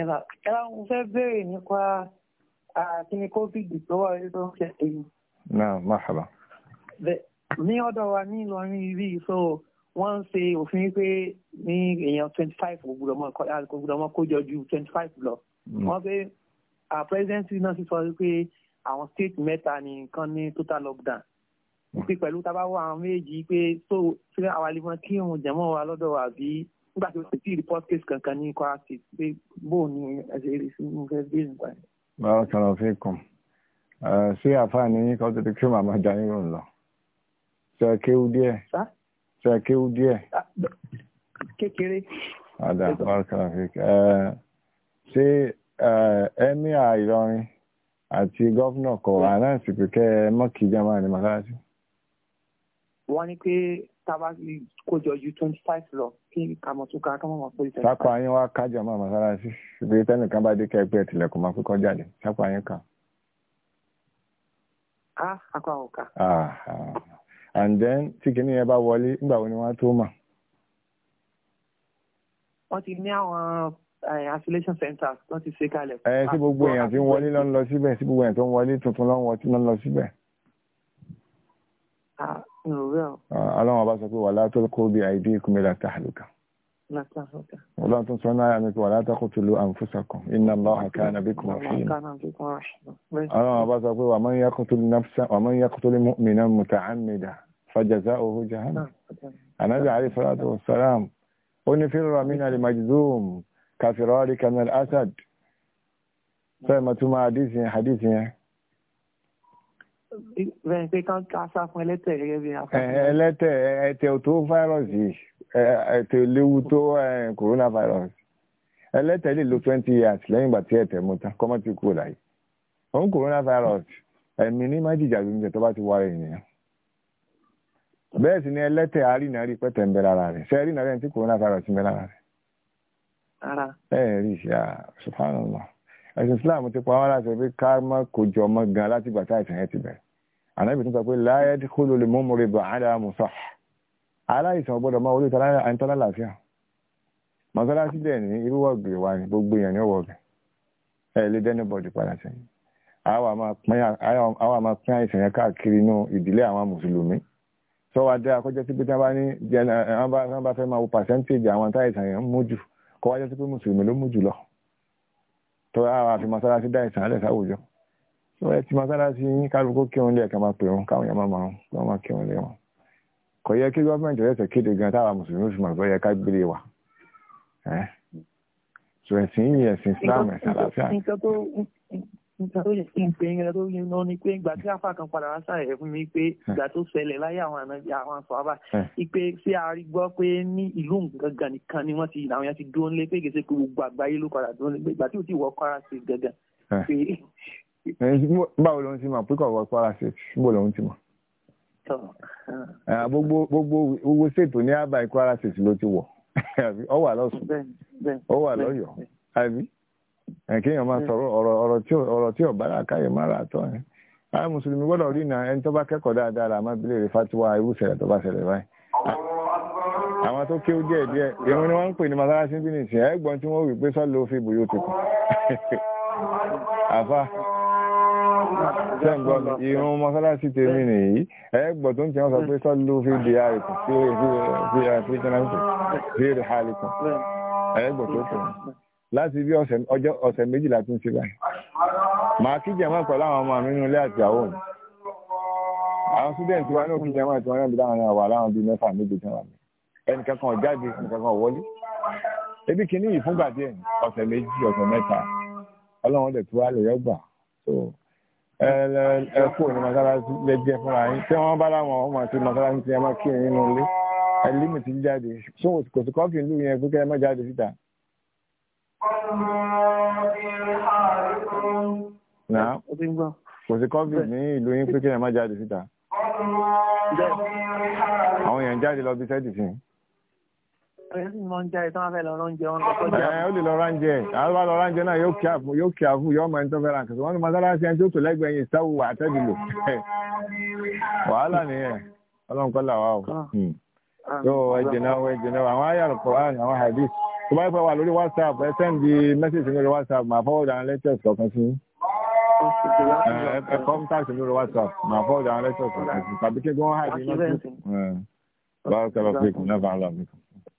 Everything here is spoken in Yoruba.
ẹ̀bà ẹ̀bà mo fẹ́ béèrè nípa kíni covid tó wà lórí tó ń ṣẹ̀ṣẹ̀ yìí. náà mahaba. ní ọ̀dọ̀ wa ní Ìlọrin ibi so wọ́n ń ṣe òfin pé ní èèyàn twenty five kò gbọ́dọ̀ mọ́ kó jọ ju twenty five lọ. Mm. wọ́n pé presidency náà sì sọ pé àwọn state mẹ́ta ni nǹkan ní total lockdown pé pẹ̀lú tábà wọ àwọn méjì pé so ṣé àwa lè mọ kí òun jẹ̀mọ́ wa lọ́dọ̀ wa bíi nígbà tí o sì ti report case kankan ní Kwara State pé bóun ni ẹ̀sẹ̀ rẹ̀ sí mo fẹ́ bẹ́ẹ̀ nípa ẹ̀. báwo kan lọ fi kàn ṣé àfààní yín kan tó ti kí màmá jà yín lòun lọ ṣe kéwú díẹ̀ ṣe kéwú díẹ̀. kékeré. àdá báwo kan lọ fi kàn ṣé ẹmíà Ìlọrin àti gómìnà kọ àná ìsìnkú kẹ mọ́kì jẹ́ máa ní màláṣí. wọ́n ní pé tába kójọ ju twenty five lọ kí kàmọ tó ká kàmọ máa pé twenty five. sápò ayé wa kájà máa mọ́sálásí ibi tẹ́nìkan bá dé kẹ́gbẹ́ tilẹ̀kùn máa kọ́kọ́ jáde sápò ayé kan. a akọ àwọn ká. Ah, ah. and then tí kinní yẹn bá wọlé nígbà wo ni wọ́n tó mà. wọ́n ti ní àwọn affiliation eh, centers wọ́n ti ṣe kalẹ̀. ẹ eh, sí gbogbo èèyàn tí ń wọlé ló ń lọ síbẹ̀ sí gbogbo èèyàn tó ń wọlé tuntun ló ń wọlé ló ń lọ síbẹ̀. Ah, Ah, ọlọ́run ọba sọ pé wà látọ́ kó bí àìdí ìkúnmẹ́lá tàhálùkà ọlọ́run tó ń sọ náà ní pé wà látọ́kù tó lo àǹfùsàkùn iná lọ́wọ́ àkáàna bí kò rọ̀ṣìn ọlọ́run ọba sọ pé wà mọ́ yẹ́kùtù lé mìíràn mùtà àmìdà fàjàzá òhù bẹ́ẹ̀ pé kán kásá fún ẹlẹ́tẹ̀ gẹ́gẹ́ bí afọ. ẹlẹ́tẹ̀ ẹ̀tẹ̀ tó fáírọ̀sì ẹ̀tẹ̀ léwu tó coronavirus ẹlẹ́tẹ̀ lè lo 20 years lẹ́yìn ìgbà tí ẹ̀tẹ̀ mú ta kọ́mọ́ ti kúrò láyé òun coronavirus ẹ̀mí ní májìjà ló ń jẹ tó bá ti wá rẹ̀ nìyẹn bẹ́ẹ̀ sì ni ẹlẹ́tẹ̀ arínàárí pẹ̀tẹ̀ ń bẹ lára rẹ̀ ṣe arínàárí ẹ̀ ti coronavirus ń bẹ lára rẹ̀. ẹ ẹ rí i ṣe à ẹ̀sìn Islam ti pa wá láti pé ká má kójọ mọ́ gan láti gbà tá ìsìn yẹn ti bẹ̀rẹ̀ ànábì tún sọ pé láyé kó ló lè mọ́mú rẹ̀ bọ̀ àdá musa aláìsàn gbọ́dọ̀ máa wọlé ìtàlá láàfíà mọ́sálásí dẹ̀ ní irú ọ̀gbìn wa ni gbogbo èèyàn ní ọwọ́ ọ̀gbìn ẹ̀ lè dẹ́nu bọ̀dì padà sẹ́yìn àwa máa pín àìsàn yẹn káàkiri inú ìdílé àwọn mùsùlùmí sọ wa dé akọ́jọ́ sí pé tí wọ́n bá fẹ́ máa wo pàṣẹ́ntéèjì àwọn táìsàn yẹn mú jù kọ́ wájọ́ sí pé mùsùlùmí ló mú jù lọ tó àwọn àfi mọ́sálásí dá ìsàn alẹ́ sáwùjọ tó ẹ ti mọ́sálásí yín kálukú kírun lé ẹ̀ka máa pè wọn káwọn èèyàn máa máa wọn máa kírun lé wọn kò yẹ kí gọ́ọ̀mẹ̀ntì ọ̀yẹ́sẹ̀ kéde gan táwa mùsùlùmí fi mọ̀ pé yẹ ká gbélé wa so ẹ̀sìn yìí ẹ̀sìn Islam ẹ̀sìn àlàáfíà nígbà tó yẹ kí n pè é yẹn tó yẹ lọ ni pé ìgbà tí afa kan padà wá sàyẹ̀ fún mi pé ìgbà tó ṣẹlẹ̀ láyé àwọn ànábì àwọn àfọwábà ipe ṣé a rí gbọ́ pé ní ìlú gangan nìkan ni wọ́n ti àwọn yẹn ti dúró nílé pé gèsè pé gbogbo àgbáyé ló padà dúró nílé ìgbà tí ò ti wọ Kwara sí gangan. báwo ló ń ti mọ̀ pé kò wọ Kwara sí bó ló ń ti mọ̀. gbogbo gbogbo ṣètò ní àbá Kwara sí ló ti wọ̀ ọ lọ́sùn ọ lọ́yọ̀ọ́ kéèyàn máa sọ̀rọ̀ ọrọ ọ̀rọ̀ tí ọrọ tí ọ̀bá làkàyè má rà tọ́ ẹ̀ mùsùlùmí rí na ẹni tó bá kẹ́kọ̀ọ́ dáadáa làmá bílẹ̀ rẹ̀ fatiwa irú ṣẹlẹ̀ tó bá ṣẹlẹ̀ báyìí. àwọn tó kéwú ni wọ́n ń pè ní masalasi bí nìsín ẹ̀gbọ́n tí wọ́n pé fi bù yóò àfa masalasi nìyí tó ń sọ pé láti bí ọ̀sẹ̀ méjìlá tún ṣe báyìí màá kí jẹ̀mọ́ pẹ̀lú àwọn ọmọ mi nínú ilé àti ìyàwó mi àwọn student wa náà kí jẹ̀mọ́ àti wọn náà bí láwọn náà wà bíi mẹ́fà méje tí wọ́n mi ẹnìkan kan jáde ẹnìkan kan wọlé ebi kìíní yìí fúngbà díẹ̀ ọ̀sẹ̀ méjì ọ̀sẹ̀ mẹ́ta ọlọ́run dẹ̀ tú wá lè yọgbà ẹ kú ní mọ́sálásí lẹ́jẹ́ fúnra yín tí wọ́n bá láwọn ọmọ àti mọ́sálásí ti ẹ má kí ẹ nínú ilé ẹ límìtì Naa. gbọ́ kò sí covid ní ìlú yín pé kéèyàn má jáde síta àwọn èèyàn jáde lọ bí sẹ́ẹ̀tì sí. ó lè lọ ránjẹ àwọn bá lọ ránjẹ náà yóò kí àfún yóò kí àfún yóò mọ ẹni tó fẹ́ ra nǹkan wọn ní ẹni tó lẹ́gbẹ̀ẹ́ yìí sáwù wà o. Hmm. yóò tó bá yẹ pé wà lórí whatsapp ẹ send the message lórí whatsapp màá forward àwọn lectures kọ̀ọ̀kan sí ẹ contact lórí whatsapp màá forward àwọn lectures kọ̀ọ̀kan sí tàbí kí gbọ́n hàbí náà tó bá kẹ́lọ́ pé kò náà bá lọ́ọ̀ mi kàn.